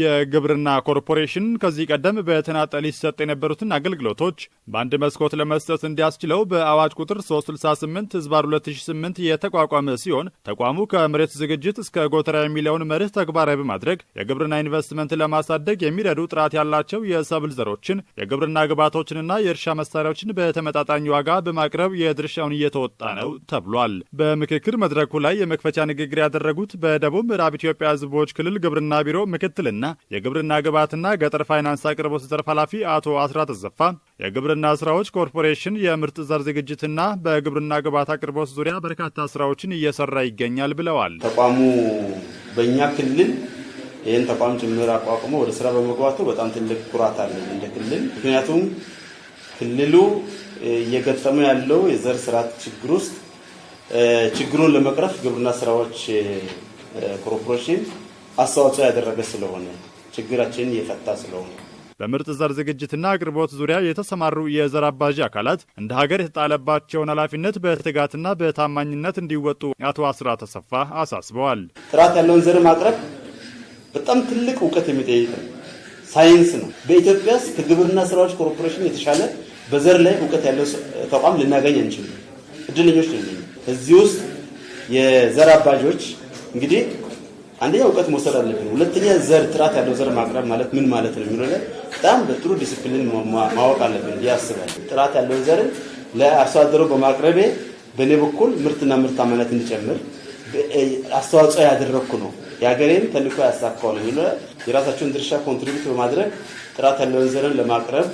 የግብርና ኮርፖሬሽን ከዚህ ቀደም በተናጠል ይሰጥ የነበሩትን አገልግሎቶች በአንድ መስኮት ለመስጠት እንዲያስችለው በአዋጅ ቁጥር 368 ህዝባር 2008 የተቋቋመ ሲሆን ተቋሙ ከመሬት ዝግጅት እስከ ጎተራ የሚለውን መርህ ተግባራዊ በማድረግ የግብርና ኢንቨስትመንት ለማሳደግ የሚረዱ ጥራት ያላቸው የሰብል ዘሮችን፣ የግብርና ግብዓቶችንና የእርሻ መሳሪያዎችን በተመጣጣኝ ዋጋ በማቅረብ የድርሻውን እየተወጣ ነው ተብሏል። በምክክር መድረኩ ላይ የመክፈቻ ንግግር ያደረጉት በደቡብ ምዕራብ ኢትዮጵያ ህዝቦች ክልል ግብርና ቢሮ ምክትል ማዕከልና የግብርና ግብዓትና ገጠር ፋይናንስ አቅርቦት ዘርፍ ኃላፊ አቶ አስራት ተዘፋ የግብርና ስራዎች ኮርፖሬሽን የምርጥ ዘር ዝግጅትና በግብርና ግብዓት አቅርቦት ዙሪያ በርካታ ስራዎችን እየሰራ ይገኛል ብለዋል። ተቋሙ በእኛ ክልል ይህን ተቋም ጭምር አቋቁሞ ወደ ስራ በመግባቱ በጣም ትልቅ ኩራት አለን እንደ ክልል። ምክንያቱም ክልሉ እየገጠመ ያለው የዘር ስርዓት ችግር ውስጥ ችግሩን ለመቅረፍ ግብርና ስራዎች ኮርፖሬሽን አስተዋጽኦ ያደረገ ስለሆነ ችግራችንን የፈታ ስለሆነ በምርጥ ዘር ዝግጅትና አቅርቦት ዙሪያ የተሰማሩ የዘር አባዢ አካላት እንደ ሀገር የተጣለባቸውን ኃላፊነት በትጋትና በታማኝነት እንዲወጡ አቶ አስራ ተሰፋ አሳስበዋል። ጥራት ያለውን ዘር ማቅረብ በጣም ትልቅ እውቀት የሚጠይቅ ነው፣ ሳይንስ ነው። በኢትዮጵያ ውስጥ ከግብርና ስራዎች ኮርፖሬሽን የተሻለ በዘር ላይ እውቀት ያለው ተቋም ልናገኝ አንችልም። እድለኞች ልንኝ እዚህ ውስጥ የዘር አባዦች እንግዲህ አንደኛ እውቀት መውሰድ አለብን። ሁለተኛ ዘር ጥራት ያለው ዘር ማቅረብ ማለት ምን ማለት ነው የሚለው በጣም በጥሩ ዲስፕሊን ማወቅ አለብን ያስባል። ጥራት ያለውን ዘርን ለአርሶ አደሩ በማቅረቤ በእኔ በኩል ምርትና ምርታማነት እንዲጨምር አስተዋጽኦ ያደረግኩ ነው የሀገሬን ተልዕኮ ያሳካው ነው የሚለው የራሳቸውን ድርሻ ኮንትሪቢዩት በማድረግ ጥራት ያለውን ዘርን ለማቅረብ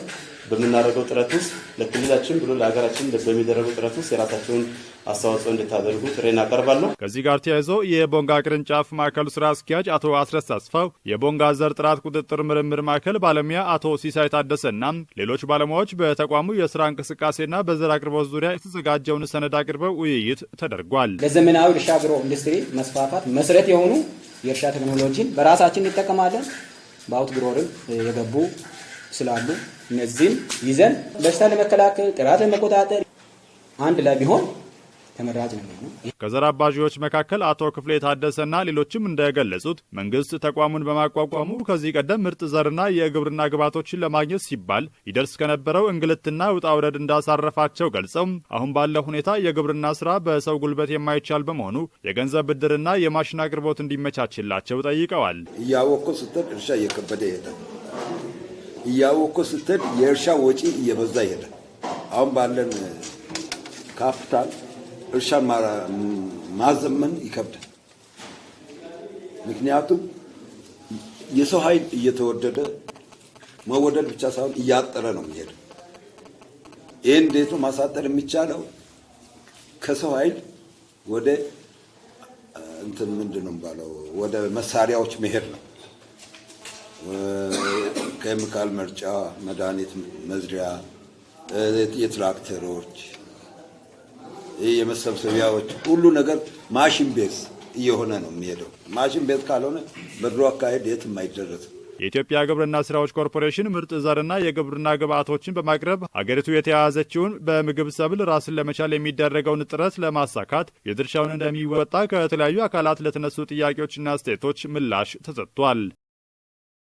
በምናደርገው ጥረት ውስጥ ለክልላችን ብሎ ለሀገራችን በሚደረገው ጥረት ውስጥ የራሳቸውን አስተዋጽኦ እንድታደርጉ ጥሬን አቀርባለሁ። ከዚህ ጋር ተያይዞ የቦንጋ ቅርንጫፍ ማዕከሉ ስራ አስኪያጅ አቶ አስረስ አስፋው፣ የቦንጋ ዘር ጥራት ቁጥጥር ምርምር ማዕከል ባለሙያ አቶ ሲሳይ ታደሰና ሌሎች ባለሙያዎች በተቋሙ የስራ እንቅስቃሴና በዘር አቅርቦት ዙሪያ የተዘጋጀውን ሰነድ አቅርበው ውይይት ተደርጓል። ለዘመናዊ እርሻ አግሮ ኢንዱስትሪ መስፋፋት መሰረት የሆኑ የእርሻ ቴክኖሎጂን በራሳችን እንጠቀማለን። በአውት ግሮርም የገቡ ስላሉ እነዚህን ይዘን በሽታ ለመከላከል ጥራት ለመቆጣጠር አንድ ላይ ቢሆን ተመራጭ ነው ከዘር አባዦች መካከል አቶ ክፍሌ የታደሰና ሌሎችም እንደገለጹት መንግስት ተቋሙን በማቋቋሙ ከዚህ ቀደም ምርጥ ዘርና የግብርና ግብዓቶችን ለማግኘት ሲባል ይደርስ ከነበረው እንግልትና ውጣ ውረድ እንዳሳረፋቸው ገልጸው አሁን ባለው ሁኔታ የግብርና ስራ በሰው ጉልበት የማይቻል በመሆኑ የገንዘብ ብድርና የማሽን አቅርቦት እንዲመቻችላቸው ጠይቀዋል። እያወቅኩ ስትል እርሻ እየከበደ ይሄዳል። እያወቅኩ ስትሄድ የእርሻ ወጪ እየበዛ ይሄዳል። አሁን ባለን ካፒታል እርሻን ማዘመን ይከብዳል። ምክንያቱም የሰው ኃይል እየተወደደ መወደድ ብቻ ሳይሆን እያጠረ ነው የሚሄደው። ይህ እንዴት ነው ማሳጠር የሚቻለው? ከሰው ኃይል ወደ እንትን ምንድን ነው የሚባለው ወደ መሳሪያዎች መሄድ ነው። ኬሚካል መርጫ፣ መድኃኒት መዝሪያ፣ የትራክተሮች የመሰብሰቢያዎች ሁሉ ነገር ማሽን ቤዝ እየሆነ ነው የሚሄደው። ማሽን ቤዝ ካልሆነ በድሮ አካሄድ የት አይደረስም። የኢትዮጵያ ግብርና ስራዎች ኮርፖሬሽን ምርጥ ዘርና የግብርና ግብዓቶችን በማቅረብ ሀገሪቱ የተያያዘችውን በምግብ ሰብል ራስን ለመቻል የሚደረገውን ጥረት ለማሳካት የድርሻውን እንደሚወጣ ከተለያዩ አካላት ለተነሱ ጥያቄዎችና አስተያየቶች ምላሽ ተሰጥቷል።